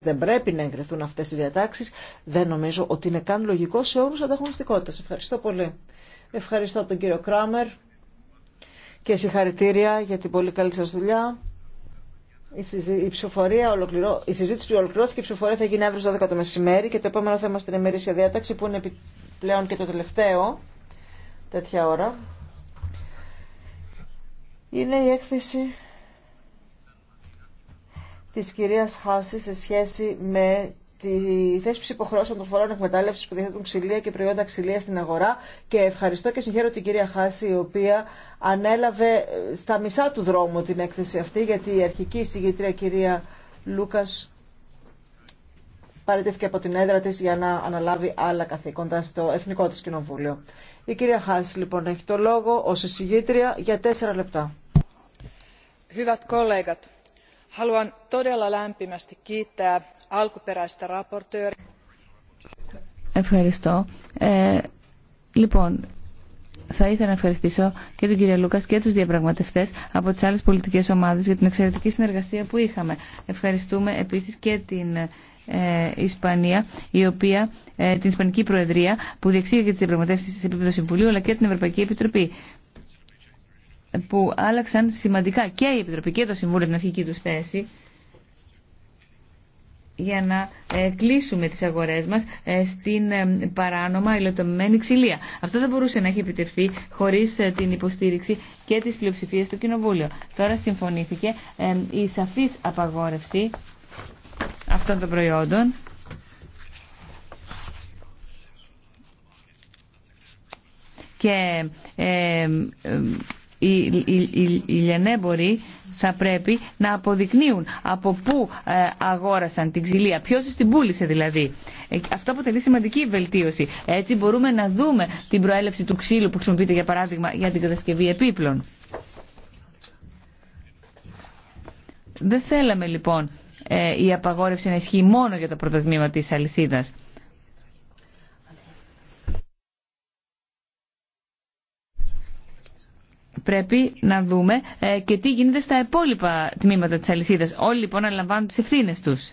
δεν πρέπει να εγκριθούν αυτέ οι διατάξει, δεν νομίζω ότι είναι καν λογικό σε όρου ανταγωνιστικότητα. Ευχαριστώ πολύ. Ευχαριστώ τον κύριο Κράμερ και συγχαρητήρια για την πολύ καλή σα δουλειά. Η, συζη... η, ολοκληρώ... η συζήτηση που ολοκληρώθηκε, η ψηφοφορία θα γίνει αύριο στι 12 το μεσημέρι και το επόμενο θέμα στην ημερήσια διάταξη που είναι πλέον και το τελευταίο τέτοια ώρα. Είναι η έκθεση της κυρίας Χάση σε σχέση με τη θέση υποχρεώσεων των φορών εκμετάλλευση που διαθέτουν ξυλία και προϊόντα ξυλία στην αγορά. Και ευχαριστώ και συγχαίρω την κυρία Χάση, η οποία ανέλαβε ε, στα μισά του δρόμου την έκθεση αυτή, γιατί η αρχική συγγετρία κυρία Λούκα παραιτήθηκε από την έδρα τη για να αναλάβει άλλα καθήκοντα στο Εθνικό τη Κοινοβούλιο. Η κυρία Χάση, λοιπόν, έχει το λόγο ω εισηγήτρια για τέσσερα λεπτά. Ευχαριστώ. Ε, λοιπόν, θα ήθελα να ευχαριστήσω και τον κυρία Λούκα και του διαπραγματευτέ από τι άλλε πολιτικέ ομάδε για την εξαιρετική συνεργασία που είχαμε. Ευχαριστούμε επίση και την ε, Ισπανία, η οποία, ε, την Ισπανική Προεδρία που διεξήγαγε τι διαπραγματεύσει σε επίπεδο Συμβουλίου, αλλά και την Ευρωπαϊκή Επιτροπή που άλλαξαν σημαντικά και η Επιτροπή και το Συμβούλιο την αρχική του θέση για να ε, κλείσουμε τις αγορές μας ε, στην ε, παράνομα υλοτομημένη ξυλία. Αυτό δεν μπορούσε να έχει επιτευχθεί χωρίς την υποστήριξη και της πλειοψηφία του Κοινοβούλιο. Τώρα συμφωνήθηκε η σαφής απαγόρευση αυτών των προϊόντων και οι, οι, οι, λιανέμποροι θα πρέπει να αποδεικνύουν από πού ε, αγόρασαν την ξυλία, ποιος την πούλησε δηλαδή. Ε, αυτό αποτελεί σημαντική βελτίωση. Έτσι μπορούμε να δούμε την προέλευση του ξύλου που χρησιμοποιείται για παράδειγμα για την κατασκευή επίπλων. Δεν θέλαμε λοιπόν ε, η απαγόρευση να ισχύει μόνο για το πρωτοτμήμα της αλυσίδας. πρέπει να δούμε ε, και τι γίνεται στα υπόλοιπα τμήματα της αλυσίδας. Όλοι λοιπόν αναλαμβάνουν τις ευθύνε τους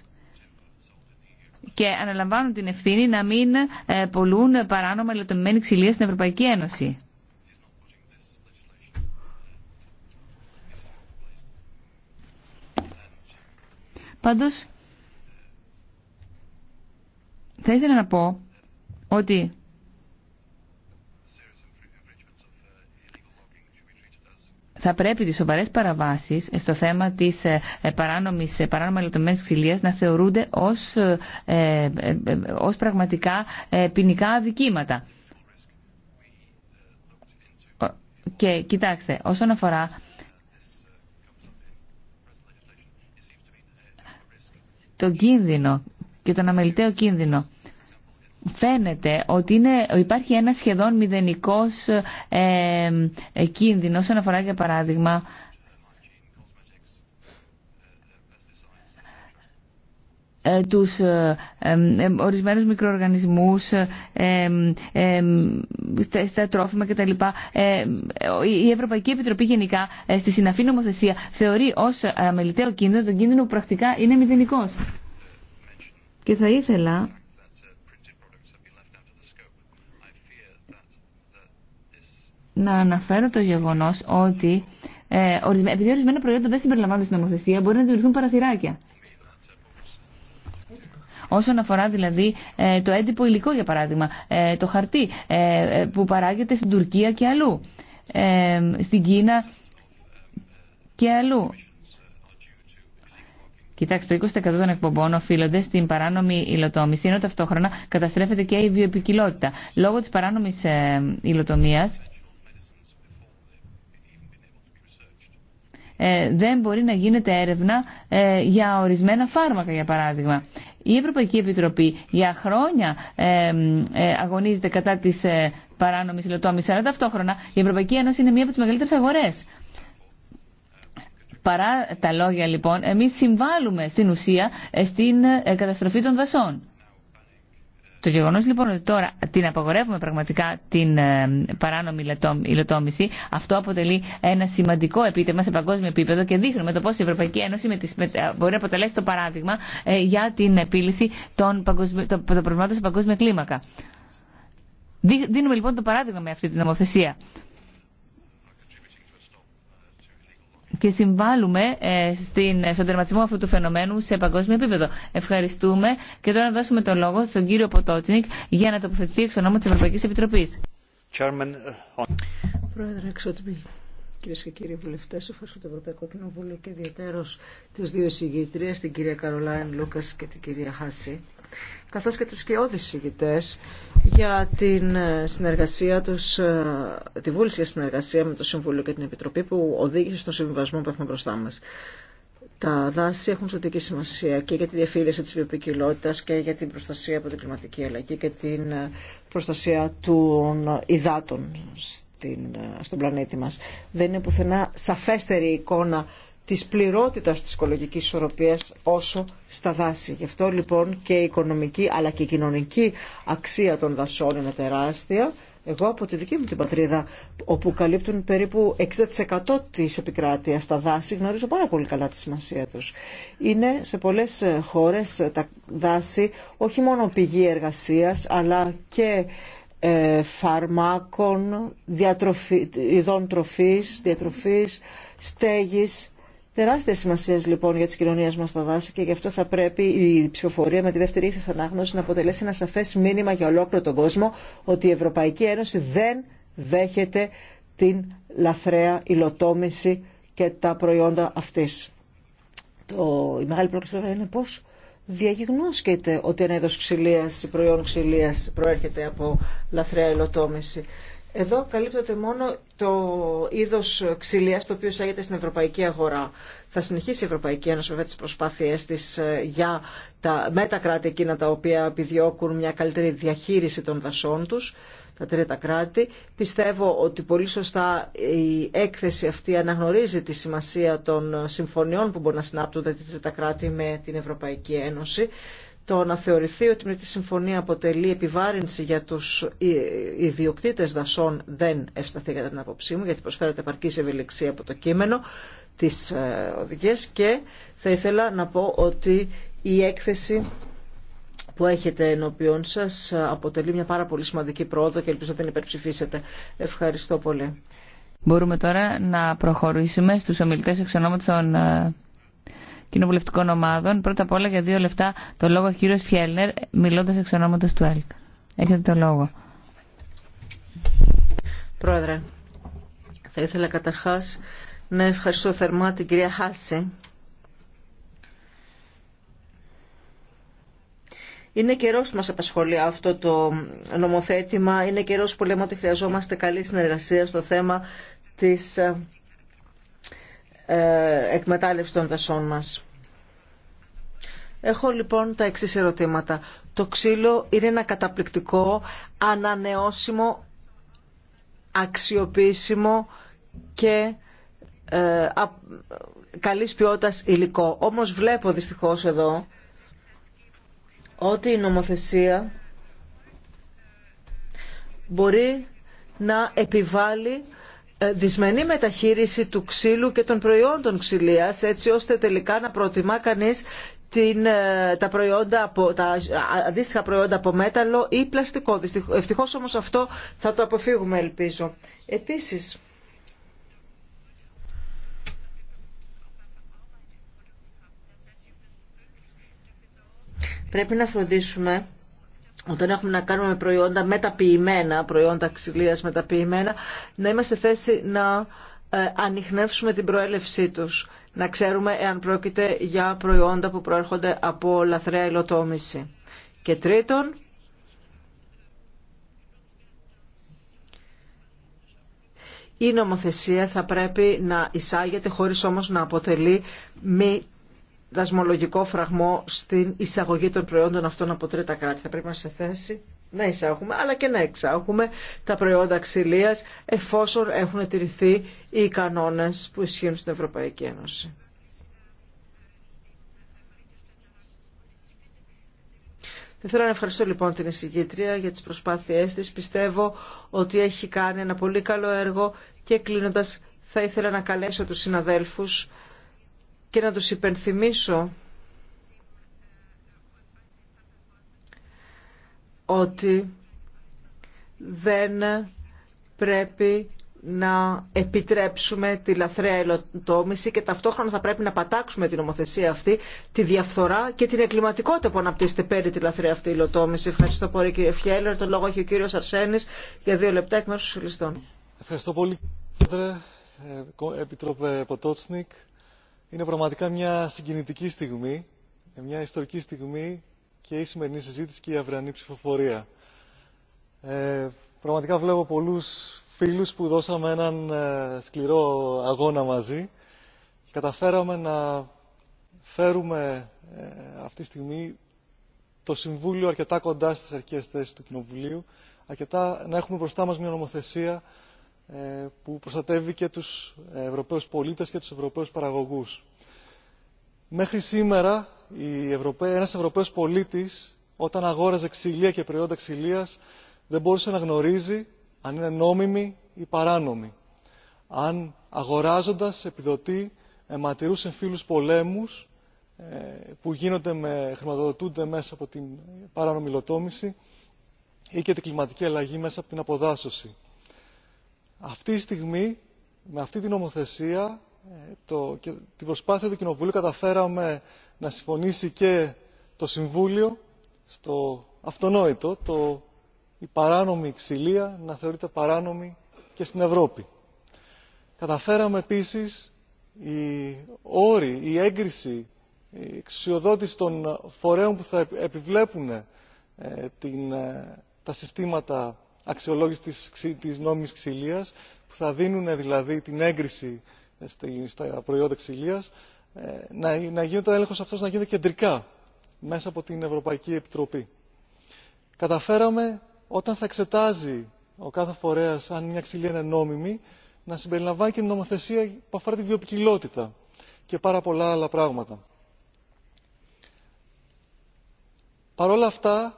και αναλαμβάνουν την ευθύνη να μην ε, πολλούν παράνομα ελαττωμένη ξυλία στην Ευρωπαϊκή Ένωση. Πάντως, θα ήθελα να πω ότι θα πρέπει τις σοβαρές παραβάσεις στο θέμα της ε, ε, παράνομης, ε, παράνομα ελαττωμένης ξυλίας να θεωρούνται ως, ως πραγματικά ποινικά αδικήματα. Και κοιτάξτε, όσον αφορά τον κίνδυνο και τον αμεληταίο κίνδυνο φαίνεται ότι είναι, υπάρχει ένα σχεδόν μηδενικός ε, ε, κίνδυνο όσον αφορά για παράδειγμα ε, τους ε, ε, ε ορισμένους μικροοργανισμούς ε, στα, στα τρόφιμα κτλ. η Ευρωπαϊκή Επιτροπή γενικά στη συναφή νομοθεσία θεωρεί ως αμεληταίο κίνδυνο τον κίνδυνο που πρακτικά είναι μηδενικός. Και θα ήθελα να αναφέρω το γεγονό ότι ε, επειδή ορισμένα προϊόντα δεν συμπεριλαμβάνονται στην νομοθεσία, μπορεί να δημιουργηθούν παραθυράκια. Όσον αφορά δηλαδή ε, το έντυπο υλικό, για παράδειγμα, ε, το χαρτί ε, που παράγεται στην Τουρκία και αλλού, στην Κίνα και αλλού. Κοιτάξτε, το 20% των εκπομπών οφείλονται στην παράνομη υλοτόμηση, ενώ ταυτόχρονα καταστρέφεται και η βιοπικιλότητα. Λόγω της παράνομης υλοτομίας, Ε, δεν μπορεί να γίνεται έρευνα ε, για ορισμένα φάρμακα, για παράδειγμα. Η Ευρωπαϊκή Επιτροπή για χρόνια ε, αγωνίζεται κατά της παρανομη υλοτόμησης, αλλά ταυτόχρονα η Ευρωπαϊκή Ένωση είναι μία από τις μεγαλύτερες αγορές. Παρά τα λόγια λοιπόν, εμείς συμβάλλουμε στην ουσία στην καταστροφή των δασών. Το γεγονό λοιπόν ότι τώρα την απαγορεύουμε πραγματικά την ε, παράνομη υλοτόμηση, αυτό αποτελεί ένα σημαντικό επίτευγμα σε παγκόσμιο επίπεδο και δείχνουμε το πώ η Ευρωπαϊκή Ένωση με τις, ε, μπορεί να αποτελέσει το παράδειγμα ε, για την επίλυση των, των, προβλημάτων σε παγκόσμια κλίμακα. Δίνουμε λοιπόν το παράδειγμα με αυτή την νομοθεσία. και συμβάλλουμε ε, στην, στον τερματισμό αυτού του φαινομένου σε παγκόσμιο επίπεδο. Ευχαριστούμε και τώρα να δώσουμε το λόγο στον κύριο Ποτότσνικ για να τοποθετηθεί εξ ονόμου της Ευρωπαϊκής Επιτροπής. Uh, Πρόεδρε, εξωτμή. Κυρίε και κύριοι βουλευτέ, ευχαριστώ το Ευρωπαϊκό Κοινοβούλιο και ιδιαίτερω τι δύο εισηγήτριε, την κυρία Καρολάιν Λούκα και την κυρία Χάση, καθώς και τους σκιώδεις ηγητές για την ε, συνεργασία τους, ε, τη βούληση για συνεργασία με το Συμβούλιο και την Επιτροπή που οδήγησε στο συμβιβασμό που έχουμε μπροστά μας. Τα δάση έχουν ζωτική σημασία και για τη διαφύλαξη της βιοποικιλότητας και για την προστασία από την κλιματική αλλαγή και την ε, προστασία των υδάτων στον πλανήτη μας. Δεν είναι πουθενά σαφέστερη εικόνα της πληρότητας της οικολογικής ισορροπίας όσο στα δάση. Γι' αυτό λοιπόν και η οικονομική αλλά και η κοινωνική αξία των δασών είναι τεράστια. Εγώ από τη δική μου την πατρίδα, όπου καλύπτουν περίπου 60% της επικράτειας τα δάση, γνωρίζω πάρα πολύ καλά τη σημασία τους. Είναι σε πολλές χώρες τα δάση όχι μόνο πηγή εργασίας, αλλά και ε, φαρμάκων, ειδών τροφής, διατροφής, στέγης Τεράστιες σημασία λοιπόν για τι κοινωνίε μα τα δάση και γι' αυτό θα πρέπει η ψηφοφορία με τη δεύτερη ίσως ανάγνωση να αποτελέσει ένα σαφέ μήνυμα για ολόκληρο τον κόσμο ότι η Ευρωπαϊκή Ένωση δεν δέχεται την λαθρέα υλοτόμηση και τα προϊόντα αυτή. Το... Η μεγάλη πρόκληση είναι πώ διαγιγνώσκεται ότι ένα είδο ξυλία, προϊόν ξυλία προέρχεται από λαθρέα υλοτόμηση. Εδώ καλύπτεται μόνο το είδο ξυλία το οποίο εισάγεται στην ευρωπαϊκή αγορά. Θα συνεχίσει η Ευρωπαϊκή Ένωση βέβαια τι προσπάθειέ τη ε, για τα, με τα κράτη εκείνα τα οποία επιδιώκουν μια καλύτερη διαχείριση των δασών του, τα τρίτα κράτη. Πιστεύω ότι πολύ σωστά η έκθεση αυτή αναγνωρίζει τη σημασία των συμφωνιών που μπορεί να συνάπτουν τα τρίτα κράτη με την Ευρωπαϊκή Ένωση το να θεωρηθεί ότι με τη συμφωνία αποτελεί επιβάρυνση για τους ιδιοκτήτες δασών δεν ευσταθεί κατά την απόψή μου γιατί προσφέρεται επαρκή ευελιξία από το κείμενο της ε, οδηγίας και θα ήθελα να πω ότι η έκθεση που έχετε ενώπιον σας ε, αποτελεί μια πάρα πολύ σημαντική πρόοδο και ελπίζω να την υπερψηφίσετε. Ευχαριστώ πολύ. Μπορούμε τώρα να προχωρήσουμε στους ομιλητές εξ των ε, κοινοβουλευτικών ομάδων. Πρώτα απ' όλα για δύο λεπτά το λόγο ο κύριος Φιέλνερ, μιλώντας εξ ονόματο του ΕΛΚ. Έχετε το λόγο. Πρόεδρε, θα ήθελα καταρχά να ευχαριστώ θερμά την κυρία Χάση. Είναι καιρό που μα απασχολεί αυτό το νομοθέτημα. Είναι καιρό που λέμε ότι χρειαζόμαστε καλή συνεργασία στο θέμα της ε, ε, εκμετάλλευση των δασών μας. Έχω λοιπόν τα εξής ερωτήματα. Το ξύλο είναι ένα καταπληκτικό, ανανεώσιμο, αξιοποιήσιμο και ε, α, καλής ποιότητας υλικό. Όμως βλέπω δυστυχώς εδώ ότι η νομοθεσία μπορεί να επιβάλλει ε, δυσμενή μεταχείριση του ξύλου και των προϊόντων ξυλίας έτσι ώστε τελικά να προτιμά κανείς την, ε, τα, προϊόντα από, τα αντίστοιχα προϊόντα από μέταλλο ή πλαστικό. Ευτυχώς όμως αυτό θα το αποφύγουμε ελπίζω. Επίσης, πρέπει να φροντίσουμε όταν έχουμε να κάνουμε με προϊόντα μεταποιημένα, προϊόντα ξυλίας μεταποιημένα, να είμαστε θέση να ε, ανοιχνεύσουμε την προέλευσή τους. Να ξέρουμε εάν πρόκειται για προϊόντα που προέρχονται από λαθρέα υλοτόμηση. Και τρίτον, η νομοθεσία θα πρέπει να εισάγεται χωρίς όμως να αποτελεί μη δασμολογικό φραγμό στην εισαγωγή των προϊόντων αυτών από τρίτα κράτη. Θα πρέπει να σε θέση να εισάγουμε αλλά και να εξάγουμε τα προϊόντα ξυλίας εφόσον έχουν τηρηθεί οι κανόνες που ισχύουν στην Ευρωπαϊκή Ένωση. Θα ήθελα να ευχαριστώ λοιπόν την εισηγήτρια για τις προσπάθειές της. Πιστεύω ότι έχει κάνει ένα πολύ καλό έργο και κλείνοντας θα ήθελα να καλέσω τους συναδέλφους και να τους υπενθυμίσω ότι δεν πρέπει να επιτρέψουμε τη λαθρέα ελοτόμηση και ταυτόχρονα θα πρέπει να πατάξουμε την νομοθεσία αυτή, τη διαφθορά και την εγκληματικότητα που αναπτύσσεται πέρι τη λαθρέα αυτή ελοτόμηση. Ευχαριστώ πολύ κύριε Φιέλλερ. Το λόγο έχει ο κύριος Αρσένης για δύο λεπτά εκ μέρους των Ευχαριστώ πολύ κύριε Επιτροπέ Ποτότσνικ είναι πραγματικά μια συγκινητική στιγμή, μια ιστορική στιγμή και η σημερινή συζήτηση και η αυριανή ψηφοφορία. Ε, πραγματικά βλέπω πολλούς φίλους που δώσαμε έναν ε, σκληρό αγώνα μαζί και καταφέραμε να φέρουμε ε, αυτή τη στιγμή το Συμβούλιο αρκετά κοντά στις αρχικές θέσεις του Κοινοβουλίου, αρκετά να έχουμε μπροστά μας μια νομοθεσία ε, που προστατεύει και τους Ευρωπαίους πολίτες και τους Ευρωπαίους παραγωγούς. Μέχρι σήμερα η ένας Ευρωπαίος πολίτης όταν αγόραζε ξυλία και προϊόντα ξυλίας δεν μπορούσε να γνωρίζει αν είναι νόμιμη ή παράνομη. Αν αγοράζοντας επιδοτεί αιματηρούς εμφύλους πολέμους ε, που γίνονται με, χρηματοδοτούνται μέσα από την παράνομη λοτόμηση ή και την κλιματική αλλαγή μέσα από την αποδάσωση αυτή τη στιγμή με αυτή την νομοθεσία ε, και την προσπάθεια του κοινοβουλίου καταφέραμε να συμφωνήσει και το συμβούλιο στο αυτονόητο το η παράνομη ξυλία να θεωρείται παράνομη και στην ευρώπη. καταφέραμε επίσης η όρη, η έγκριση η εξουσιοδότηση των φορέων που θα επιβλέπουν ε, την, ε, τα συστήματα αξιολόγηση της νόμιμης ξυλίας που θα δίνουν δηλαδή την έγκριση ε, στα προϊόντα ξυλίας ε, να γίνεται ο έλεγχος αυτός να γίνεται κεντρικά μέσα από την Ευρωπαϊκή Επιτροπή. Καταφέραμε όταν θα εξετάζει ο κάθε φορέας αν μια ξυλία είναι νόμιμη να συμπεριλαμβάνει και νομοθεσία που αφορά τη βιοπικιλότητα και πάρα πολλά άλλα πράγματα. Παρ' όλα αυτά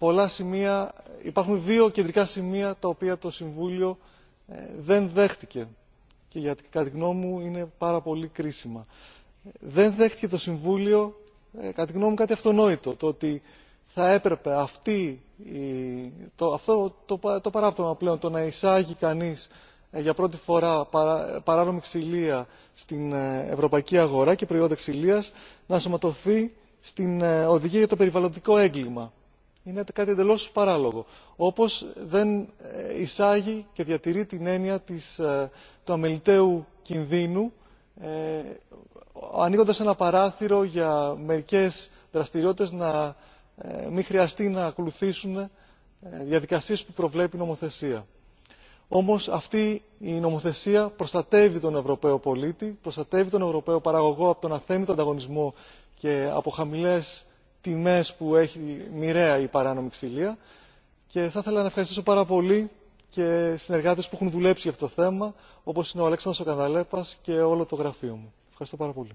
πολλά σημεία, υπάρχουν δύο κεντρικά σημεία τα οποία το Συμβούλιο ε, δεν δέχτηκε και γιατί κατά τη γνώμη μου είναι πάρα πολύ κρίσιμα. Δεν δέχτηκε το Συμβούλιο, ε, κατά τη γνώμη μου, κάτι αυτονόητο, το ότι θα έπρεπε αυτή, αυτό το, το παράπτωμα πλέον, το να εισάγει κανείς ε, για πρώτη φορά παρά, παράνομη ξυλία στην ευρωπαϊκή αγορά και προϊόντα ξυλίας να σωματωθεί στην οδηγία για το περιβαλλοντικό έγκλημα είναι κάτι εντελώ παράλογο όπω δεν ε, εισάγει και διατηρεί την έννοια ε, του αμεληταίου κινδύνου ε, ανοίγοντα ένα παράθυρο για μερικέ δραστηριότητε να μην χρειαστεί να ακολουθήσουν διαδικασίε που προβλέπει η νομοθεσία. όμω αυτή η νομοθεσία προστατεύει τον ευρωπαίο πολίτη προστατεύει τον ευρωπαίο παραγωγό από τον αθέμητο ανταγωνισμό και από χαμηλές τιμές που έχει μοιραία η παράνομη ξυλία και θα ήθελα να ευχαριστήσω πάρα πολύ και συνεργάτες που έχουν δουλέψει για αυτό το θέμα όπως είναι ο Αλέξανδρος ο και όλο το γραφείο μου. Ευχαριστώ πάρα πολύ.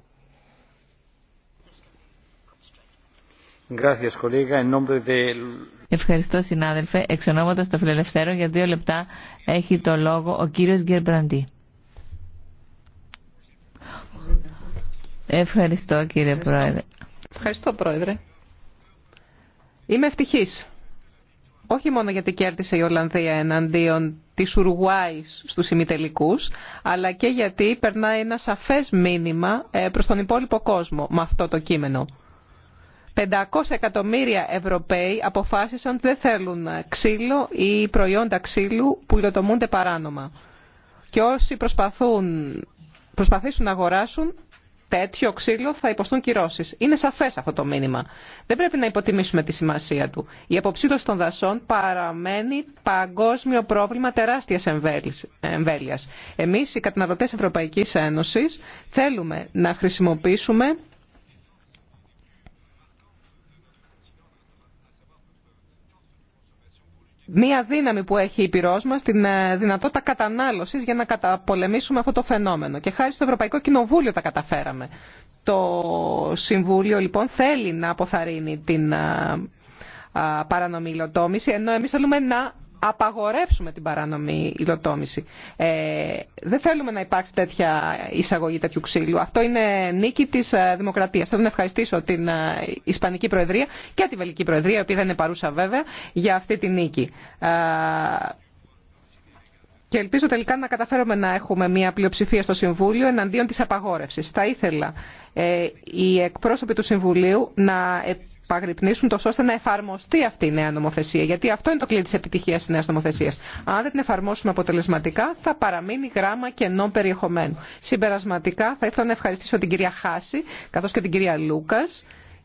Ευχαριστώ συνάδελφε. Εξ ονόματος των Φιλελευθέρων για δύο λεπτά έχει το λόγο ο κύριος Γκερμπραντή. Ευχαριστώ κύριε Πρόεδρε. Ευχαριστώ Πρόεδρε. Είμαι ευτυχής. Όχι μόνο γιατί κέρδισε η Ολλανδία εναντίον τη Ουρουάη στους ημιτελικού, αλλά και γιατί περνάει ένα σαφές μήνυμα ε, προς τον υπόλοιπο κόσμο με αυτό το κείμενο. 500 εκατομμύρια Ευρωπαίοι αποφάσισαν ότι δεν θέλουν ξύλο ή προϊόντα ξύλου που υλοτομούνται παράνομα. Και όσοι προσπαθούν, προσπαθήσουν να αγοράσουν τέτοιο ξύλο θα υποστούν κυρώσει. Είναι σαφέ αυτό το μήνυμα. Δεν πρέπει να υποτιμήσουμε τη σημασία του. Η αποψήλωση των δασών παραμένει παγκόσμιο πρόβλημα τεράστια εμβέλεια. Εμεί, οι καταναλωτέ Ευρωπαϊκή Ένωση, θέλουμε να χρησιμοποιήσουμε μία δύναμη που έχει η πυρός μας, την ε, δυνατότητα κατανάλωσης για να καταπολεμήσουμε αυτό το φαινόμενο. Και χάρη στο Ευρωπαϊκό Κοινοβούλιο τα καταφέραμε. Το Συμβούλιο λοιπόν θέλει να αποθαρρύνει την ε, παρανομιλοτόμηση, ενώ εμείς θέλουμε να απαγορεύσουμε την παράνομη υλοτόμηση. Ε, δεν θέλουμε να υπάρξει τέτοια εισαγωγή τέτοιου ξύλου. Αυτό είναι νίκη τη ε, δημοκρατία. Θέλω να ευχαριστήσω την ε, Ισπανική Προεδρία και τη Βελική Προεδρία, η οποία δεν είναι παρούσα βέβαια, για αυτή τη νίκη. Ε, και ελπίζω τελικά να καταφέρουμε να έχουμε μια πλειοψηφία στο Συμβούλιο εναντίον της απαγόρευσης. Θα ήθελα ε, οι εκπρόσωποι του Συμβουλίου να παγρυπνήσουν τόσο ώστε να εφαρμοστεί αυτή η νέα νομοθεσία. Γιατί αυτό είναι το κλειδί τη επιτυχία τη νέα νομοθεσία. Αν δεν την εφαρμόσουμε αποτελεσματικά, θα παραμείνει γράμμα κενό περιεχομένου. Συμπερασματικά, θα ήθελα να ευχαριστήσω την κυρία Χάση, καθώ και την κυρία Λούκα,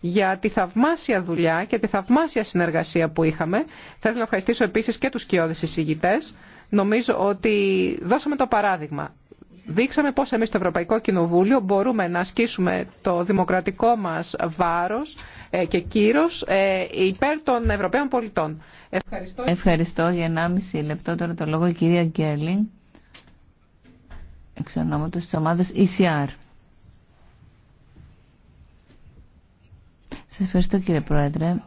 για τη θαυμάσια δουλειά και τη θαυμάσια συνεργασία που είχαμε. Θα ήθελα να ευχαριστήσω επίση και του κοιόδη εισηγητέ. Νομίζω ότι δώσαμε το παράδειγμα. Δείξαμε πώς εμείς στο Ευρωπαϊκό Κοινοβούλιο μπορούμε να ασκήσουμε το δημοκρατικό μας βάρος ε, και κύρος ε, υπέρ των Ευρωπαίων πολιτών. Ευχαριστώ. Ευχαριστώ για 1,5 λεπτό τώρα το λόγο η κυρία Γκέρλινγκ εξ ονόματος της ομάδας ECR. Σας ευχαριστώ κύριε Πρόεδρε.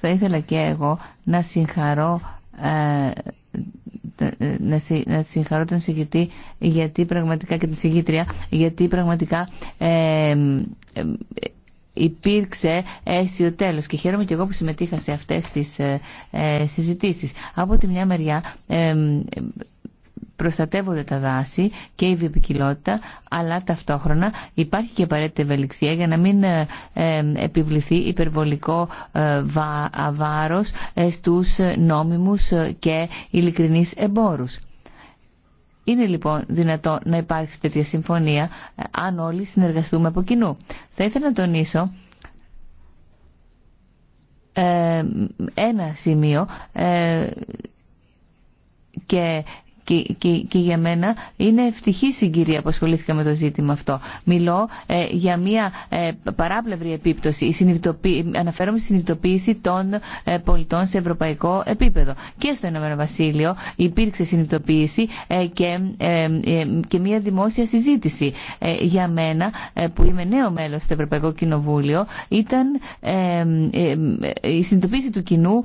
Θα ήθελα και εγώ να συγχαρώ ε, ε να συγχαρώ τον συγκητή γιατί πραγματικά και την συγκήτρια γιατί πραγματικά ε, υπήρξε αίσιο τέλος και χαίρομαι και εγώ που συμμετείχα σε αυτές τις ε, ε, συζητήσεις. Από τη μια μεριά προστατεύονται τα δάση και η βιοπικιλότητα, αλλά ταυτόχρονα υπάρχει και απαραίτητη ευελιξία για να μην ε, επιβληθεί υπερβολικό βάρος στους νόμιμους και ειλικρινείς εμπόρους. Είναι λοιπόν δυνατό να υπάρξει τέτοια συμφωνία αν όλοι συνεργαστούμε από κοινού. Θα ήθελα να τονίσω ε, ένα σημείο ε, και και, για μένα είναι ευτυχή συγκυρία που ασχολήθηκα με το ζήτημα αυτό. Μιλώ ε, για μια ε, παράπλευρη επίπτωση. Η Αναφέρομαι στη συνειδητοποίηση των ε, πολιτών σε ευρωπαϊκό επίπεδο. Και στο Ηνωμένο Βασίλειο υπήρξε συνειδητοποίηση και, και μια δημόσια συζήτηση. για μένα, που είμαι νέο μέλο στο Ευρωπαϊκό Κοινοβούλιο, ήταν, η συνειδητοποίηση του κοινού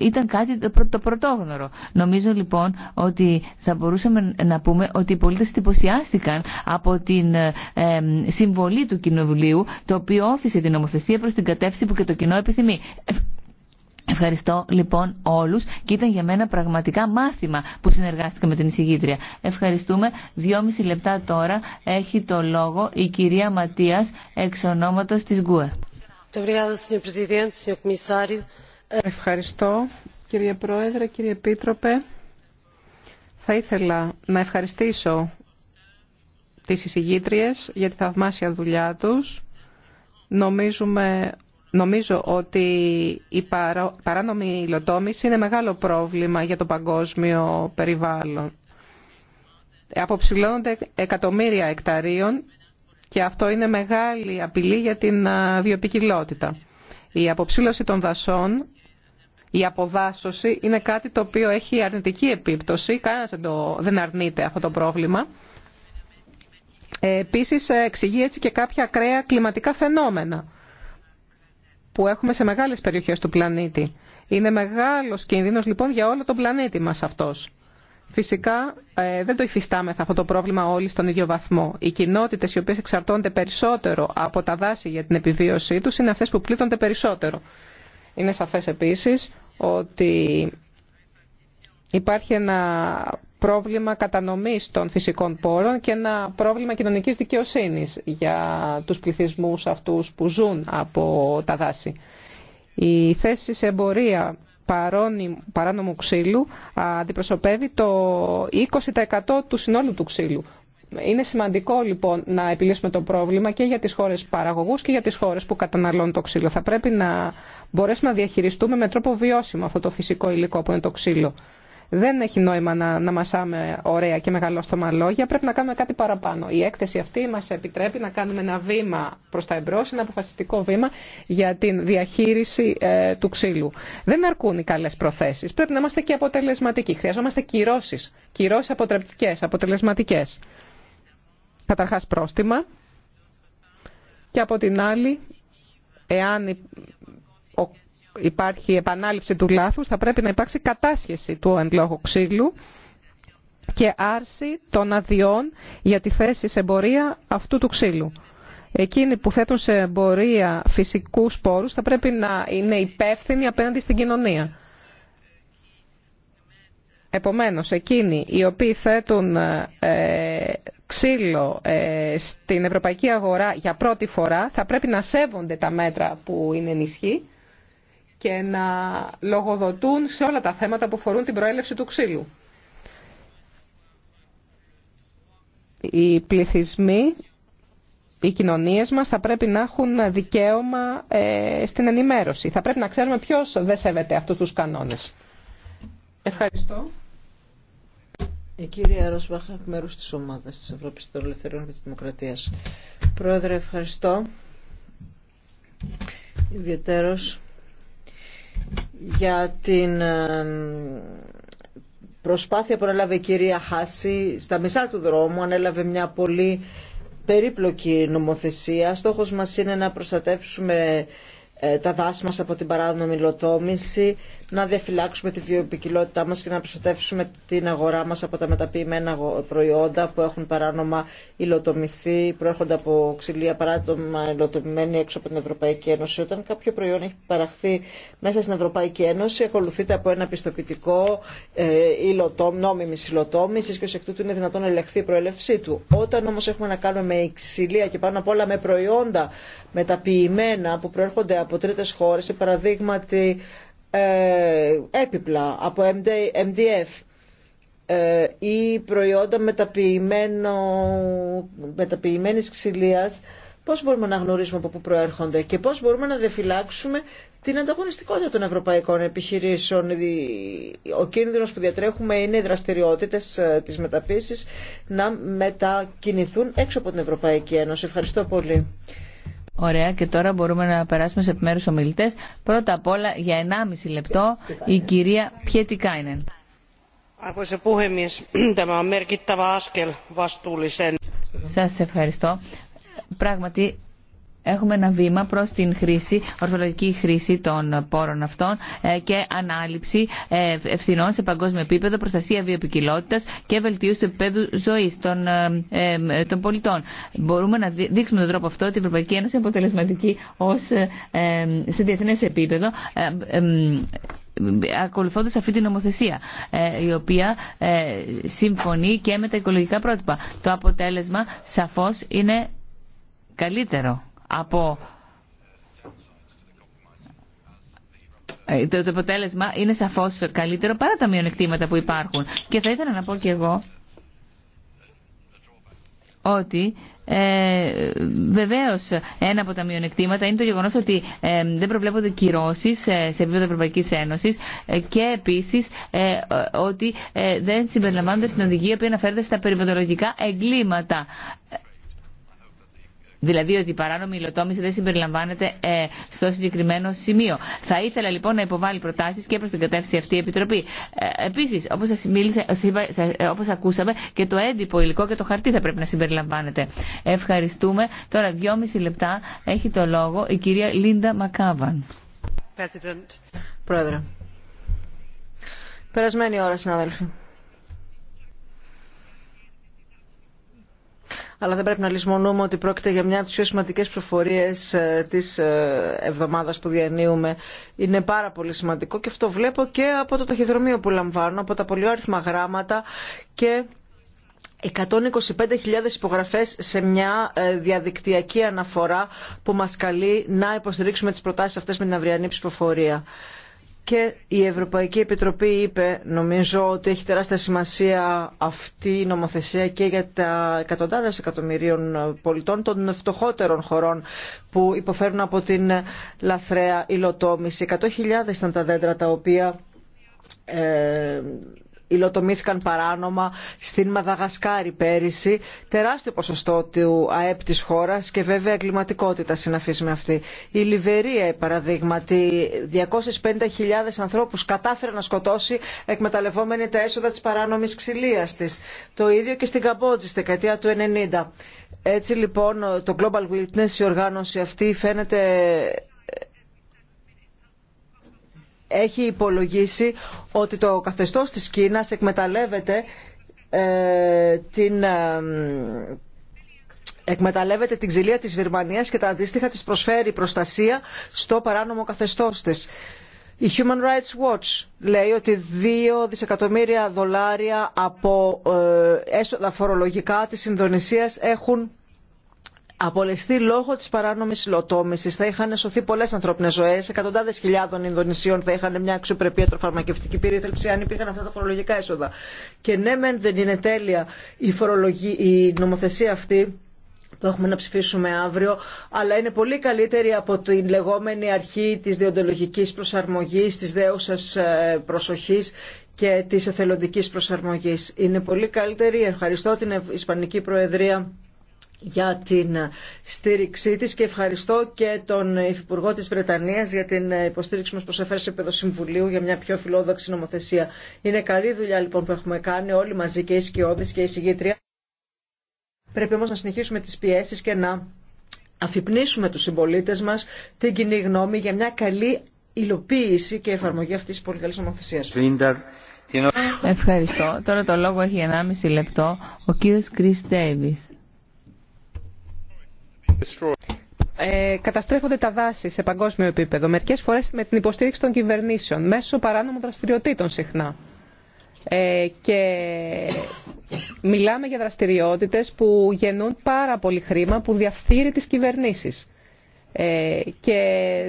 ήταν κάτι το πρωτόγνωρο. Νομίζω λοιπόν ότι θα μπορούσαμε να πούμε ότι οι πολίτες εντυπωσιάστηκαν από την ε, συμβολή του Κοινοβουλίου, το οποίο όφησε την νομοθεσία προς την κατεύθυνση που και το κοινό επιθυμεί. Ε, ευχαριστώ λοιπόν όλους και ήταν για μένα πραγματικά μάθημα που συνεργάστηκα με την εισηγήτρια. Ευχαριστούμε. Δυόμιση λεπτά τώρα έχει το λόγο η κυρία Ματίας εξ ονόματος της ΓΚΟΕ. Ευχαριστώ κύριε Πρόεδρε, κύριε Επίτροπε. Θα ήθελα να ευχαριστήσω τις εισηγήτριες για τη θαυμάσια δουλειά τους. Νομίζουμε, νομίζω ότι η παρο, παράνομη υλοτόμηση είναι μεγάλο πρόβλημα για το παγκόσμιο περιβάλλον. Αποψηλώνονται εκατομμύρια εκταρίων και αυτό είναι μεγάλη απειλή για την βιοπικιλότητα. Η αποψήλωση των δασών η αποδάσωση είναι κάτι το οποίο έχει αρνητική επίπτωση. Κανένας δεν, το, δεν αρνείται αυτό το πρόβλημα. Ε, επίσης ε, εξηγεί έτσι και κάποια ακραία κλιματικά φαινόμενα που έχουμε σε μεγάλες περιοχές του πλανήτη. Είναι μεγάλος κίνδυνος λοιπόν για όλο τον πλανήτη μας αυτός. Φυσικά ε, δεν το υφιστάμεθα αυτό το πρόβλημα όλοι στον ίδιο βαθμό. Οι κοινότητες οι οποίες εξαρτώνται περισσότερο από τα δάση για την επιβίωσή τους είναι αυτές που πλήττονται περισσότερο. Είναι σαφές επίσης ότι υπάρχει ένα πρόβλημα κατανομής των φυσικών πόρων και ένα πρόβλημα κοινωνικής δικαιοσύνης για τους πληθυσμούς αυτούς που ζουν από τα δάση. Η θέση σε εμπορία παράνομου ξύλου αντιπροσωπεύει το 20% του συνόλου του ξύλου. Είναι σημαντικό λοιπόν να επιλύσουμε το πρόβλημα και για τις χώρες παραγωγούς και για τις χώρες που καταναλώνουν το ξύλο. Θα πρέπει να μπορέσουμε να διαχειριστούμε με τρόπο βιώσιμο αυτό το φυσικό υλικό που είναι το ξύλο. Δεν έχει νόημα να, να μασάμε ωραία και μεγαλόστομα λόγια, πρέπει να κάνουμε κάτι παραπάνω. Η έκθεση αυτή μας επιτρέπει να κάνουμε ένα βήμα προς τα εμπρός, ένα αποφασιστικό βήμα για την διαχείριση ε, του ξύλου. Δεν αρκούν οι καλές προθέσεις, πρέπει να είμαστε και αποτελεσματικοί. Χρειαζόμαστε κυρώσει, κυρώσεις αποτρεπτικές, αποτελεσματικές καταρχάς πρόστιμα και από την άλλη, εάν υπάρχει επανάληψη του λάθους, θα πρέπει να υπάρξει κατάσχεση του εν ξύλου και άρση των αδειών για τη θέση σε εμπορία αυτού του ξύλου. Εκείνοι που θέτουν σε εμπορία φυσικούς σπόρους θα πρέπει να είναι υπεύθυνοι απέναντι στην κοινωνία. Επομένως, εκείνοι οι οποίοι θέτουν ε, ξύλο ε, στην ευρωπαϊκή αγορά για πρώτη φορά θα πρέπει να σέβονται τα μέτρα που είναι ενισχύ και να λογοδοτούν σε όλα τα θέματα που φορούν την προέλευση του ξύλου. Οι πληθυσμοί, οι κοινωνίες μας θα πρέπει να έχουν δικαίωμα ε, στην ενημέρωση. Θα πρέπει να ξέρουμε ποιος δεν σέβεται αυτούς τους κανόνες. Ευχαριστώ. Η ε, κυρία Ροσβάχα, εκ μέρου τη ομάδα τη Ευρώπη των Ελευθεριών και τη Δημοκρατία. Πρόεδρε, ευχαριστώ. ιδιαίτερω για την προσπάθεια που ανέλαβε η κυρία Χάση στα μισά του δρόμου ανέλαβε μια πολύ περίπλοκη νομοθεσία. Στόχος μας είναι να προστατεύσουμε ε, τα δάση μας από την παράνομη λοτόμηση, να διαφυλάξουμε τη βιοποικιλότητά μας και να προστατεύσουμε την αγορά μας από τα μεταποιημένα προϊόντα που έχουν παράνομα υλοτομηθεί, προέρχονται από ξυλία παράνομα υλοτομημένη έξω από την Ευρωπαϊκή Ένωση. Όταν κάποιο προϊόν έχει παραχθεί μέσα στην Ευρωπαϊκή Ένωση, ακολουθείται από ένα πιστοποιητικό ε, υλοτόμ, νόμιμης υλοτόμησης και ως εκ τούτου είναι δυνατόν να ελεγχθεί η προέλευσή του. Όταν όμως έχουμε να κάνουμε με ξυλία και πάνω απ' όλα με προϊόντα μεταποιημένα που προέρχονται από τρίτες χώρες, παραδείγματι ε, έπιπλα, από MDF ε, ή προϊόντα μεταποιημένης ξυλίας, πώς μπορούμε να γνωρίσουμε διαφυλάξουμε την ανταγωνιστικότητα των ευρωπαϊκών επιχειρήσεων. Ο κίνδυνος που διατρέχουμε είναι οι δραστηριότητες ε, της μεταποίησης να δεφυλάξουμε την Ευρωπαϊκή Ένωση. Ευχαριστώ πολύ. Ωραία και τώρα μπορούμε να περάσουμε σε επιμέρου ομιλητέ. Πρώτα απ' όλα για 1,5 λεπτό η κυρία Πιετικάινεν. Σα ευχαριστώ. Πράγματι έχουμε ένα βήμα προς την χρήση, ορθολογική χρήση των πόρων αυτών ε, και ανάληψη ε, ευθυνών σε παγκόσμιο επίπεδο, προστασία βιοποικιλότητας και βελτίωση του επίπεδου ζωής των, ε, των πολιτών. Μπορούμε να δείξουμε τον τρόπο αυτό ότι η Ευρωπαϊκή Ένωση είναι αποτελεσματική ως, σε διεθνές επίπεδο ακολουθώντας αυτή την νομοθεσία, η οποία συμφωνεί και με τα οικολογικά πρότυπα. Το αποτέλεσμα σαφώς είναι καλύτερο από ε, το, το αποτέλεσμα είναι σαφώς καλύτερο παρά τα μειονεκτήματα που υπάρχουν. Και θα ήθελα να πω και εγώ ότι ε, βεβαίω ένα από τα μειονεκτήματα είναι το γεγονός ότι ε, δεν προβλέπονται κυρώσεις σε επίπεδο Ευρωπαϊκή Ένωση ε, και επίση ε, ότι δεν συμπεριλαμβάνονται στην οδηγία που αναφέρεται στα περιβαλλοντικά εγκλήματα. Δηλαδή ότι η παράνομη υλοτόμηση δεν συμπεριλαμβάνεται ε, στο συγκεκριμένο σημείο. Θα ήθελα λοιπόν να υποβάλει προτάσει και προ την κατεύθυνση αυτή η Επιτροπή. Ε, Επίση, όπω ε, όπως ακούσαμε, και το έντυπο υλικό και το χαρτί θα πρέπει να συμπεριλαμβάνεται. Ευχαριστούμε. Τώρα δυόμιση λεπτά έχει το λόγο η κυρία Λίντα Μακάβαν. Πρόεδρε. Περασμένη ώρα, συνάδελφοι. αλλά δεν πρέπει να λησμονούμε ότι πρόκειται για μια από τις πιο σημαντικέ προφορίες ε, τη ε, εβδομάδα που διανύουμε. Είναι πάρα πολύ σημαντικό και αυτό βλέπω και από το ταχυδρομείο που λαμβάνω, από τα πολυάριθμα γράμματα και 125.000 υπογραφές σε μια ε, διαδικτυακή αναφορά που μας καλεί να υποστηρίξουμε τις προτάσεις αυτές με την αυριανή ψηφοφορία. Και η Ευρωπαϊκή Επιτροπή είπε, νομίζω, ότι έχει τεράστια σημασία αυτή η νομοθεσία και για τα εκατοντάδε εκατομμυρίων πολιτών των φτωχότερων χωρών που υποφέρουν από την λαθρέα υλοτόμηση. 100.000 ήταν τα δέντρα τα οποία ε, υλοτομήθηκαν παράνομα στην Μαδαγασκάρη πέρυσι. Τεράστιο ποσοστό του ΑΕΠ της χώρας και βέβαια εγκληματικότητα συναφής με αυτή. Η Λιβερία, παραδείγματι, 250.000 ανθρώπους κατάφερε να σκοτώσει εκμεταλλευόμενοι τα έσοδα της παράνομης ξυλίας της. Το ίδιο και στην Καμπότζη, στη δεκαετία του 90. Έτσι λοιπόν το Global Witness, η οργάνωση αυτή φαίνεται έχει υπολογίσει ότι το καθεστώς της Κίνας εκμεταλλεύεται ε, την, ε, εκμεταλλεύεται την ξυλία της Βυρμανίας και τα αντίστοιχα της προσφέρει προστασία στο παράνομο καθεστώς της. Η Human Rights Watch λέει ότι 2 δισεκατομμύρια δολάρια από ε, έσοδα φορολογικά της Ινδονησίας έχουν απολεστεί λόγω της παράνομης υλοτόμησης. Θα είχαν σωθεί πολλές ανθρώπινες ζωές, εκατοντάδες χιλιάδων Ινδονησίων θα είχαν μια αξιοπρεπή ατροφαρμακευτική περίθαλψη αν υπήρχαν αυτά τα φορολογικά έσοδα. Και ναι μεν δεν είναι τέλεια η, η νομοθεσία αυτή που έχουμε να ψηφίσουμε αύριο, αλλά είναι πολύ καλύτερη από την λεγόμενη αρχή της διοντολογικής προσαρμογής, της δέουσας ε, προσοχής και της εθελοντικής προσαρμογής. Είναι πολύ καλύτερη, ευχαριστώ την Ισπανική Προεδρία για την στήριξή της και ευχαριστώ και τον Υφυπουργό της Βρετανίας για την υποστήριξη μας προς σε επίπεδο Συμβουλίου για μια πιο φιλόδοξη νομοθεσία. Είναι καλή δουλειά λοιπόν που έχουμε κάνει όλοι μαζί και οι σκιώδεις και η συγγήτρια. Πρέπει όμως να συνεχίσουμε τις πιέσεις και να αφυπνίσουμε τους συμπολίτε μας την κοινή γνώμη για μια καλή υλοποίηση και εφαρμογή αυτής της πολύ καλής νομοθεσίας. Ευχαριστώ. Τώρα το λόγο έχει 1,5 λεπτό ο κύριος Κρίς Ντέιβις. Ε, καταστρέφονται τα δάση σε παγκόσμιο επίπεδο, μερικές φορές με την υποστήριξη των κυβερνήσεων, μέσω παράνομων δραστηριοτήτων συχνά. Ε, και μιλάμε για δραστηριότητες που γεννούν πάρα πολύ χρήμα που διαφθείρει τις κυβερνήσεις ε, και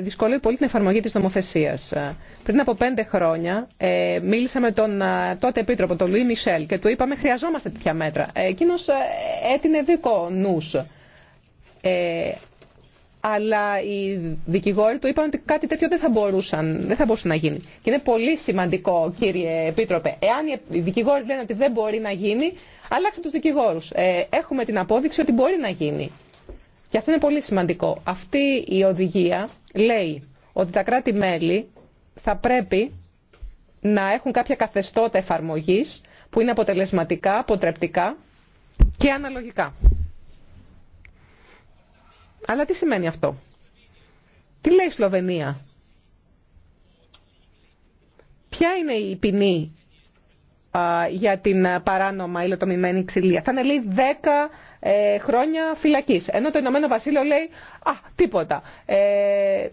δυσκολεύει πολύ την εφαρμογή της νομοθεσίας. Πριν από πέντε χρόνια μίλησα με τον τότε επίτροπο, τον Λουί Μισελ, και του είπαμε χρειαζόμαστε τέτοια μέτρα. Εκείνος έτεινε δίκο νους ε, αλλά οι δικηγόροι του είπαν ότι κάτι τέτοιο δεν θα, μπορούσαν, δεν θα μπορούσε να γίνει. Και είναι πολύ σημαντικό, κύριε Επίτροπε. Εάν οι δικηγόροι λένε ότι δεν μπορεί να γίνει, αλλάξτε του δικηγόρου. Ε, έχουμε την απόδειξη ότι μπορεί να γίνει. Και αυτό είναι πολύ σημαντικό. Αυτή η οδηγία λέει ότι τα κράτη-μέλη θα πρέπει να έχουν κάποια καθεστώτα εφαρμογής που είναι αποτελεσματικά, αποτρεπτικά και αναλογικά. Αλλά τι σημαίνει αυτό. Τι λέει η Σλοβενία. Ποια είναι η ποινή για την παράνομα υλοτομημένη ξυλία. Θα είναι λέει 10 ε, χρόνια φυλακής. Ενώ το Ηνωμένο Βασίλειο λέει «Α, τίποτα, ε,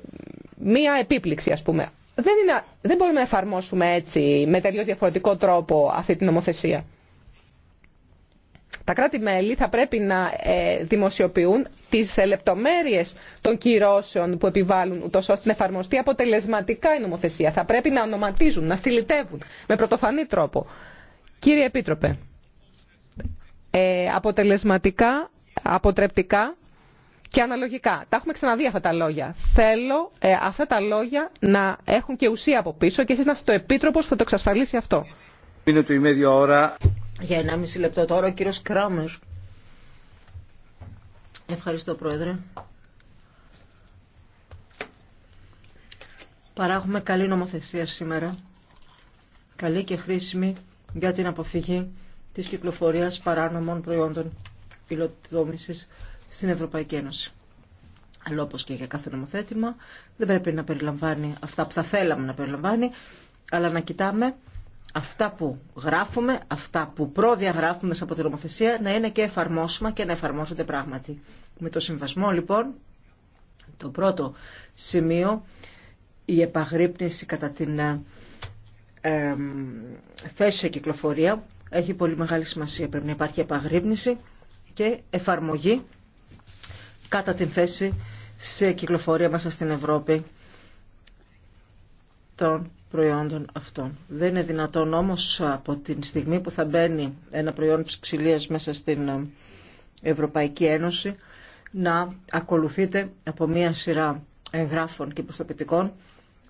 μία επίπληξη ας πούμε». Δεν, είναι, δεν μπορούμε να εφαρμόσουμε έτσι με τελείως διαφορετικό τρόπο αυτή την νομοθεσία τα κράτη-μέλη θα πρέπει να ε, δημοσιοποιούν τις ε, λεπτομέρειες των κυρώσεων που επιβάλλουν, ούτως ώστε να εφαρμοστεί αποτελεσματικά η νομοθεσία. Θα πρέπει να ονοματίζουν, να στυλιτεύουν με πρωτοφανή τρόπο. Κύριε Επίτροπε, ε, αποτελεσματικά, αποτρεπτικά και αναλογικά. Τα έχουμε ξαναδεί αυτά τα λόγια. Θέλω αυτά τα λόγια να έχουν και ουσία από πίσω και εσείς να είστε το Επίτροπος που το εξασφαλίσει αυτό. το για 1,5 λεπτό τώρα ο κύριος Κράμερ. Ευχαριστώ Πρόεδρε. Παράγουμε καλή νομοθεσία σήμερα. Καλή και χρήσιμη για την αποφυγή της κυκλοφορίας παράνομων προϊόντων υλοδόμησης στην Ευρωπαϊκή Ένωση. Αλλά όπως και για κάθε νομοθέτημα δεν πρέπει να περιλαμβάνει αυτά που θα θέλαμε να περιλαμβάνει, αλλά να κοιτάμε αυτά που γράφουμε, αυτά που προδιαγράφουμε από την νομοθεσία να είναι και εφαρμόσιμα και να εφαρμόζονται πράγματι. Με το συμβασμό λοιπόν, το πρώτο σημείο, η επαγρύπνηση κατά την ε, θέση σε κυκλοφορία έχει πολύ μεγάλη σημασία. Πρέπει να υπάρχει επαγρύπνηση και εφαρμογή κατά την θέση σε κυκλοφορία μέσα στην Ευρώπη προϊόντων αυτών. Δεν είναι δυνατόν όμως από την στιγμή που θα μπαίνει ένα προϊόν ξυλίας μέσα στην ε, Ευρωπαϊκή Ένωση να ακολουθείται από μία σειρά εγγράφων και προστοποιητικών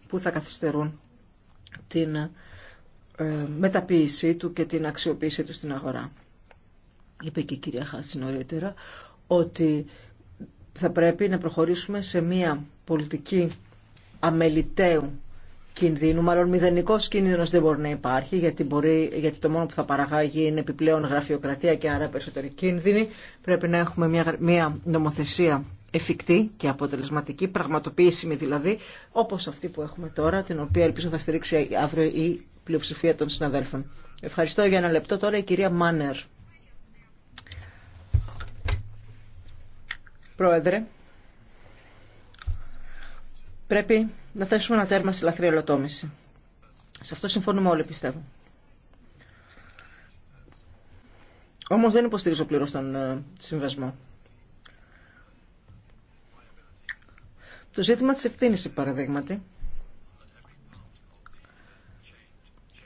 που θα καθυστερούν την ε, μεταποίησή του και την αξιοποίησή του στην αγορά. Είπε και η κυρία Χάση νωρίτερα ότι θα πρέπει να προχωρήσουμε σε μία πολιτική αμεληταίου κινδύνου, μάλλον μηδενικό κίνδυνο δεν μπορεί να υπάρχει, γιατί, μπορεί, γιατί το μόνο που θα παραγάγει είναι επιπλέον γραφειοκρατία και άρα περισσότεροι κίνδυνη. Πρέπει να έχουμε μια, μια νομοθεσία εφικτή και αποτελεσματική, πραγματοποιήσιμη δηλαδή, όπω αυτή που έχουμε τώρα, την οποία ελπίζω θα στηρίξει αύριο η πλειοψηφία των συναδέλφων. Ευχαριστώ για ένα λεπτό τώρα η κυρία Μάνερ. Πρόεδρε. Πρέπει να θέσουμε ένα τέρμα στη λαθρή ολοτόμηση. Σε αυτό συμφωνούμε όλοι, πιστεύω. Όμως δεν υποστηρίζω πλήρως τον ε, συμβασμό. Το ζήτημα της ευθύνης, παραδείγματι,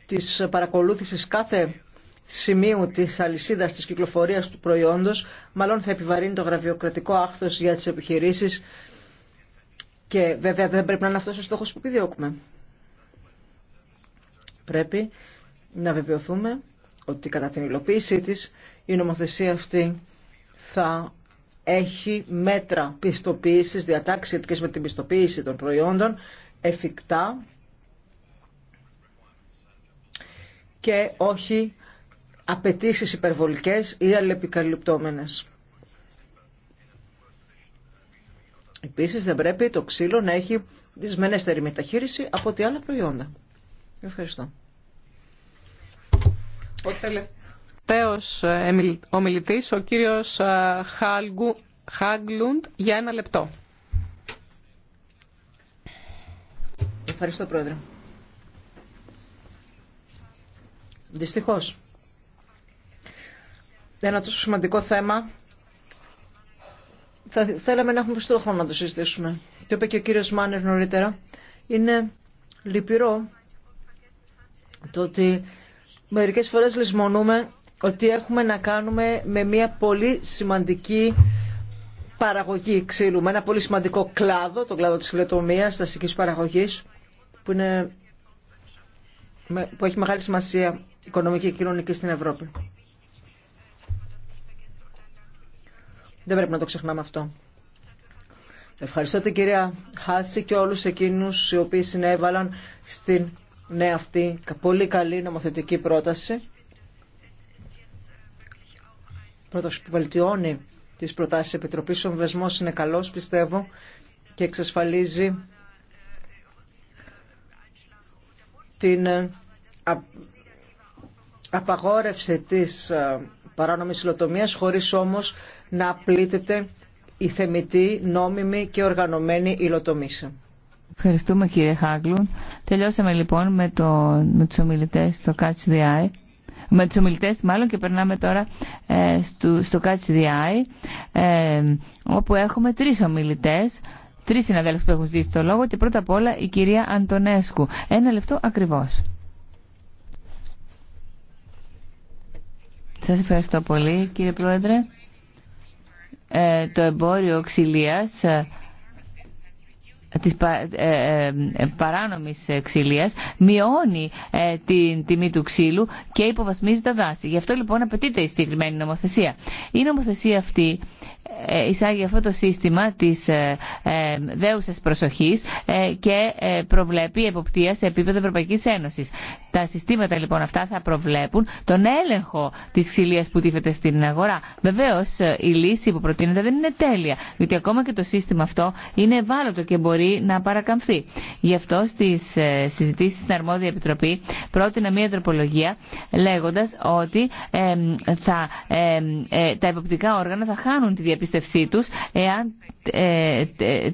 της παρακολούθησης κάθε σημείου της αλυσίδας της κυκλοφορίας του προϊόντος, μάλλον θα επιβαρύνει το γραφειοκρατικό άχθος για τις επιχειρήσεις και βέβαια δεν πρέπει να είναι αυτό ο στόχο που επιδιώκουμε. Πρέπει να βεβαιωθούμε ότι κατά την υλοποίησή της η νομοθεσία αυτή θα έχει μέτρα πιστοποίησης, διατάξεις σχετικέ με την πιστοποίηση των προϊόντων, εφικτά και όχι απαιτήσει υπερβολικές ή αλληλεπικαλυπτόμενες. Επίσης δεν πρέπει το ξύλο να έχει δυσμενέστερη μεταχείριση από ό,τι άλλα προϊόντα. Ευχαριστώ. Ο τελευταίος ε, ομιλητής, ο κύριος ε, Χάγκλουντ, για ένα λεπτό. Ευχαριστώ, Πρόεδρε. Δυστυχώς. Ένα τόσο σημαντικό θέμα θα θέλαμε να έχουμε περισσότερο χρόνο να το συζητήσουμε. Το είπε και ο κύριος Μάνερ νωρίτερα. Είναι λυπηρό το ότι μερικές φορές λησμονούμε ότι έχουμε να κάνουμε με μια πολύ σημαντική παραγωγή ξύλου, με ένα πολύ σημαντικό κλάδο, τον κλάδο της φιλετομίας, της αστικής παραγωγής, που, είναι, που έχει μεγάλη σημασία οικονομική και κοινωνική στην Ευρώπη. Δεν πρέπει να το ξεχνάμε αυτό. Ευχαριστώ την κυρία Χάση και όλους εκείνους οι οποίοι συνέβαλαν στην νέα αυτή πολύ καλή νομοθετική πρόταση. Πρόταση που βελτιώνει τις προτάσεις της Επιτροπής. Ο βεσμός είναι καλός πιστεύω και εξασφαλίζει την ε, απαγόρευση της ε, παράνομης υλοτομίας χωρίς όμως να πλήττεται η θεμητή, νόμιμη και οργανωμένη υλοτομήση. Ευχαριστούμε κύριε Χάγκλουν. Τελειώσαμε λοιπόν με, το, με τους ομιλητές στο Catch the Eye. Με τους ομιλητές μάλλον και περνάμε τώρα ε, στο, στο Catch the Eye ε, όπου έχουμε τρεις ομιλητές, τρεις συναδέλφους που έχουν ζήσει το λόγο και πρώτα απ' όλα η κυρία Αντωνέσκου. Ένα λεπτό ακριβώς. Σας ευχαριστώ πολύ κύριε Πρόεδρε. Ε, το εμπόριο ξυλίας ε, της ε, ε, ε, παράνομης ξυλίας μειώνει την τιμή του ξύλου και υποβαθμίζει τα δάση. Γι' αυτό λοιπόν απαιτείται η συγκεκριμένη νομοθεσία. Η νομοθεσία αυτή εισάγει αυτό το σύστημα της δέουσας προσοχής και προβλέπει εποπτεία σε επίπεδο Ευρωπαϊκής Ένωσης. Τα συστήματα λοιπόν αυτά θα προβλέπουν τον έλεγχο της ξυλίας που τίθεται στην αγορά. Βεβαίως η λύση που προτείνεται δεν είναι τέλεια, διότι ακόμα και το σύστημα αυτό είναι ευάλωτο και μπορεί να παρακαμφθεί. Γι' αυτό στι ε, συζητήσει στην αρμόδια επιτροπή πρότεινα μία τροπολογία λέγοντα ότι θα, ε, τα υποπτικά όργανα θα χάνουν τη διαπίστευσή του εάν ε,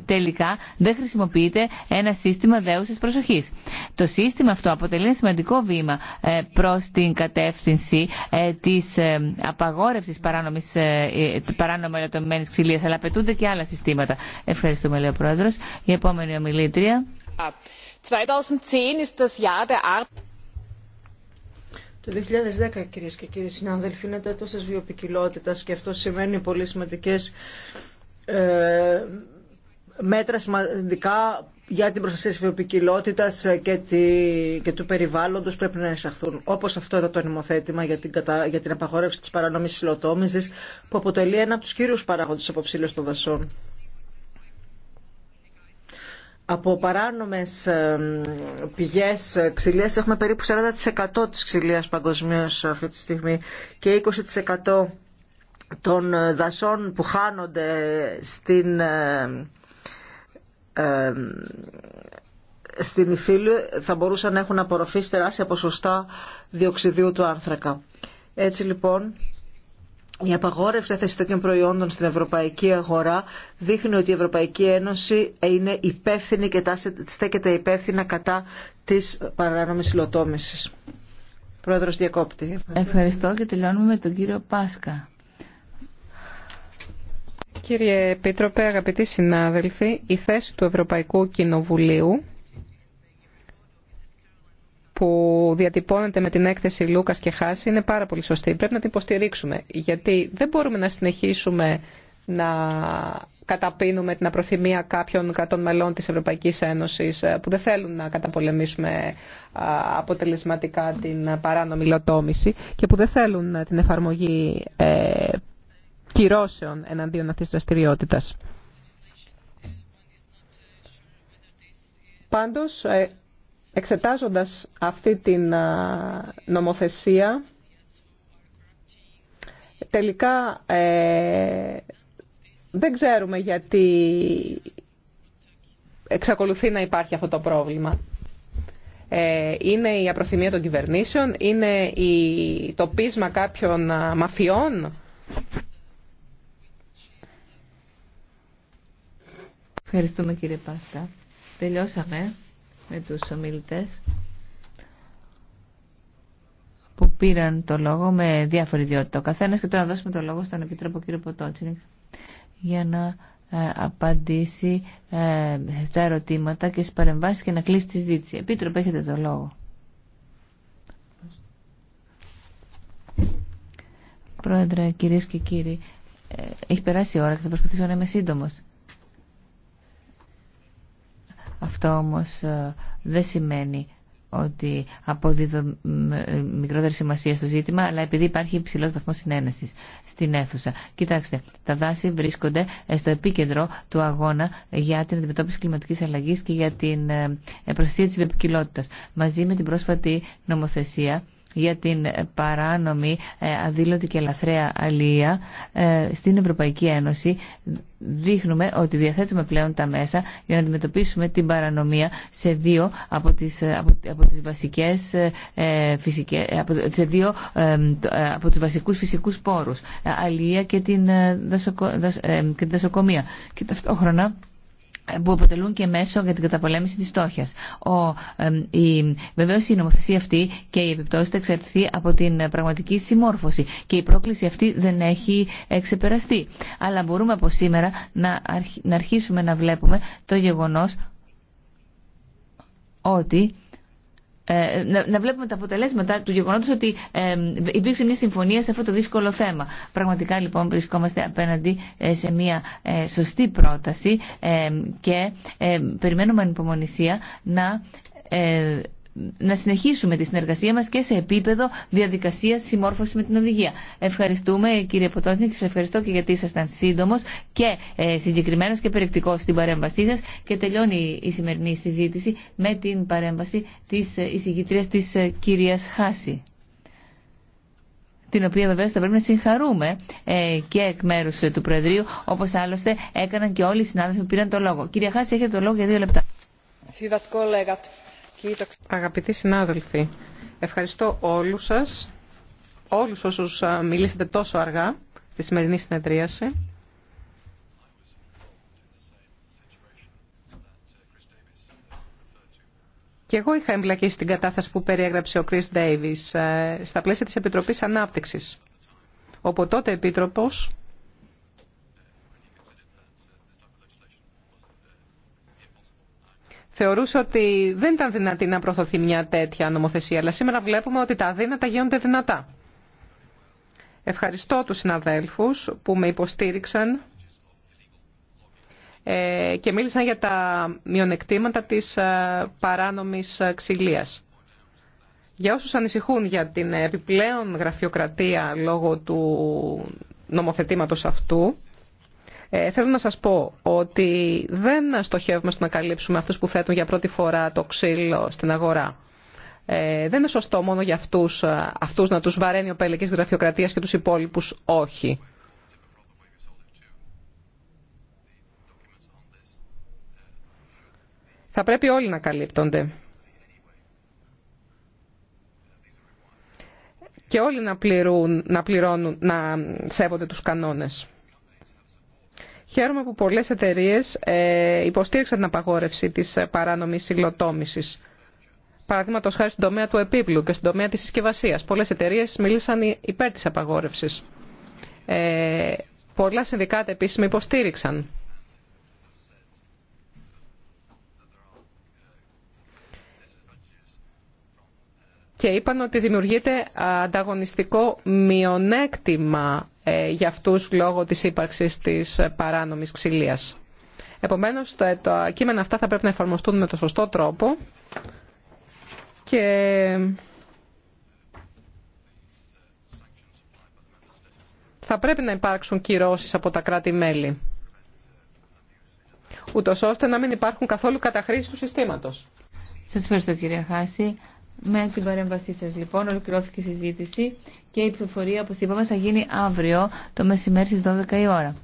τελικά δεν χρησιμοποιείται ένα σύστημα δέουσης προσοχής. Το σύστημα αυτό αποτελεί ένα σημαντικό βήμα προ την κατεύθυνση της απαγόρευση παράνομης, παράνομα αλλά απαιτούνται και άλλα συστήματα. Ευχαριστούμε, λέει ο επόμενη ομιλήτρια. Το 2010, κυρίε και κύριοι συνάδελφοι, είναι το έτος της βιοπικιλότητας και αυτό σημαίνει πολύ σημαντικέ ε, μέτρα σημαντικά για την προστασία της βιοπικιλότητας και, τη, και του περιβάλλοντος πρέπει να εισαχθούν. Όπως αυτό εδώ το νομοθέτημα για την, για την απαγόρευση της παρανόμης υλοτόμησης που αποτελεί ένα από τους κύριους παράγοντες αποψήλωσης των δασών από παράνομες ε, πηγές ξυλίας έχουμε περίπου 40% της ξυλίας παγκοσμίως αυτή τη στιγμή και 20% των ε, δασών που χάνονται στην, ε, στην θα μπορούσαν να έχουν απορροφήσει τεράστια ποσοστά διοξιδίου του άνθρακα. Έτσι λοιπόν η απαγόρευση θέση τέτοιων προϊόντων στην ευρωπαϊκή αγορά δείχνει ότι η Ευρωπαϊκή Ένωση είναι υπεύθυνη και στέκεται υπεύθυνα κατά της παράνομης υλοτόμησης. Πρόεδρος Διακόπτη. Ευχαριστώ και τελειώνουμε με τον κύριο Πάσκα. Κύριε Επίτροπε, αγαπητοί συνάδελφοι, η θέση του Ευρωπαϊκού Κοινοβουλίου που διατυπώνεται με την έκθεση Λούκας και Χάση είναι πάρα πολύ σωστή. Πρέπει να την υποστηρίξουμε, γιατί δεν μπορούμε να συνεχίσουμε να καταπίνουμε την απροθυμία κάποιων κρατών μελών της Ευρωπαϊκής Ένωσης ε, που δεν θέλουν να καταπολεμήσουμε αποτελεσματικά την παράνομη λοτόμηση και που δεν θέλουν ε, την εφαρμογή ε, κυρώσεων εναντίον αυτής της δραστηριότητας. Πάντως, Εξετάζοντας αυτή την νομοθεσία, τελικά ε, δεν ξέρουμε γιατί εξακολουθεί να υπάρχει αυτό το πρόβλημα. Ε, είναι η απροθυμία των κυβερνήσεων, είναι η, το πείσμα κάποιων μαφιών. Ευχαριστούμε κύριε Πάστα. Τελειώσαμε με τους ομιλητές που πήραν το λόγο με διάφορη ιδιότητα ο καθένας και τώρα να δώσουμε το λόγο στον Επιτρόπο κύριο Ποτότσινικ για να ε, απαντήσει ε, στα τα ερωτήματα και στις παρεμβάσεις και να κλείσει τη ζήτηση. Επίτροπο, έχετε το λόγο. Πρόεδρε, κυρίες και κύριοι, ε, έχει περάσει η ώρα και θα προσπαθήσω να είμαι σύντομος. Αυτό όμως ε, δεν σημαίνει ότι αποδίδω ε, μικρότερη σημασία στο ζήτημα, αλλά επειδή υπάρχει υψηλό βαθμό συνένεση στην αίθουσα. Κοιτάξτε, τα δάση βρίσκονται στο επίκεντρο του αγώνα για την αντιμετώπιση κλιματική αλλαγή και για την ε, προστασία τη βιοπικιλότητα. Μαζί με την πρόσφατη νομοθεσία για την παράνομη, ε, αδήλωτη και λαθρέα αλία ε, στην Ευρωπαϊκή Ένωση δείχνουμε ότι διαθέτουμε πλέον τα μέσα για να αντιμετωπίσουμε την παρανομία σε δύο από τις, ε, από, τις βασικές από, δύο από τους βασικούς φυσικούς πόρους, αλία και την, δασοκο, και δασοκομεία. Και ταυτόχρονα που αποτελούν και μέσο για την καταπολέμηση της στόχιας. Ο, η, βεβαίως η νομοθεσία αυτή και η επιπτώση θα εξαρτηθεί από την πραγματική συμμόρφωση και η πρόκληση αυτή δεν έχει εξεπεραστεί. Αλλά μπορούμε από σήμερα να, να αρχίσουμε να βλέπουμε το γεγονός ότι ε, να, να βλέπουμε τα αποτελέσματα του γεγονότος ότι ε, υπήρξε μια συμφωνία σε αυτό το δύσκολο θέμα. Πραγματικά λοιπόν βρισκόμαστε απέναντι ε, σε μια ε, σωστή πρόταση και περιμένουμε ανυπομονησία να να συνεχίσουμε τη συνεργασία μας και σε επίπεδο διαδικασίας συμμόρφωσης με την οδηγία. Ευχαριστούμε κύριε Ποτόνι και σας ευχαριστώ και γιατί ήσασταν σύντομος και ε, συγκεκριμένος και περιεκτικός στην παρέμβασή σας και τελειώνει η σημερινή συζήτηση με την παρέμβαση της ε, εισηγητρίας της ε, κυρίας Χάση την οποία βεβαίω θα πρέπει να συγχαρούμε ε, και εκ μέρους του Προεδρείου, όπως άλλωστε έκαναν και όλοι οι συνάδελφοι που πήραν το λόγο. Κυρία Χάση, έχετε το λόγο για δύο λεπτά. Αγαπητοί συνάδελφοι, ευχαριστώ όλους σας, όλους όσους μιλήσατε τόσο αργά στη σημερινή συνεδρίαση. Και εγώ είχα εμπλακεί στην κατάσταση που περιέγραψε ο Chris Davis ε, στα πλαίσια της Επιτροπής Ανάπτυξης, όπου τότε Επίτροπος θεωρούσε ότι δεν ήταν δυνατή να προωθωθεί μια τέτοια νομοθεσία, αλλά σήμερα βλέπουμε ότι τα αδύνατα γίνονται δυνατά. Ευχαριστώ τους συναδέλφους που με υποστήριξαν ε, και μίλησαν για τα μειονεκτήματα της ε, παράνομης ξυλίας. Για όσους ανησυχούν για την επιπλέον γραφειοκρατία λόγω του νομοθετήματος αυτού, ε, θέλω να σας πω ότι δεν στοχεύουμε στο να καλύψουμε αυτούς που θέτουν για πρώτη φορά το ξύλο στην αγορά. Ε, δεν είναι σωστό μόνο για αυτούς, ε, αυτούς να τους βαραίνει ο πελεκής γραφειοκρατίας και τους υπόλοιπους όχι. Θα πρέπει όλοι να καλύπτονται. Και όλοι να, πληρούν, να πληρώνουν, να σέβονται τους κανόνες. Χαίρομαι που πολλές εταιρείες ε, υποστήριξαν την απαγόρευση της ε, παράνομης υλοτόμησης. Παραδείγματο χάρη στην τομέα του επίπλου και στην τομέα της συσκευασία. Πολλές εταιρείε μίλησαν υπέρ της απαγόρευσης. Ε, πολλά συνδικάτα επίσημα υποστήριξαν και είπαν ότι δημιουργείται ανταγωνιστικό μειονέκτημα ε, για αυτούς λόγω της ύπαρξης της παράνομης ξυλίας. Επομένως, τα κείμενα αυτά θα πρέπει να εφαρμοστούν με το σωστό τρόπο και θα πρέπει να υπάρξουν κυρώσεις από τα κράτη-μέλη, ούτως ώστε να μην υπάρχουν καθόλου καταχρήσεις του συστήματος. Σας ευχαριστώ κυρία Χάση. Με την παρέμβασή σα, λοιπόν, ολοκληρώθηκε η συζήτηση και η ψηφοφορία, όπω είπαμε, θα γίνει αύριο το μεσημέρι στι 12 η ώρα.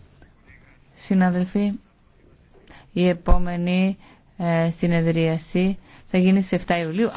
Συναδελφοί, η επόμενη ε, συνεδρίαση θα γίνει στις 7 Ιουλίου.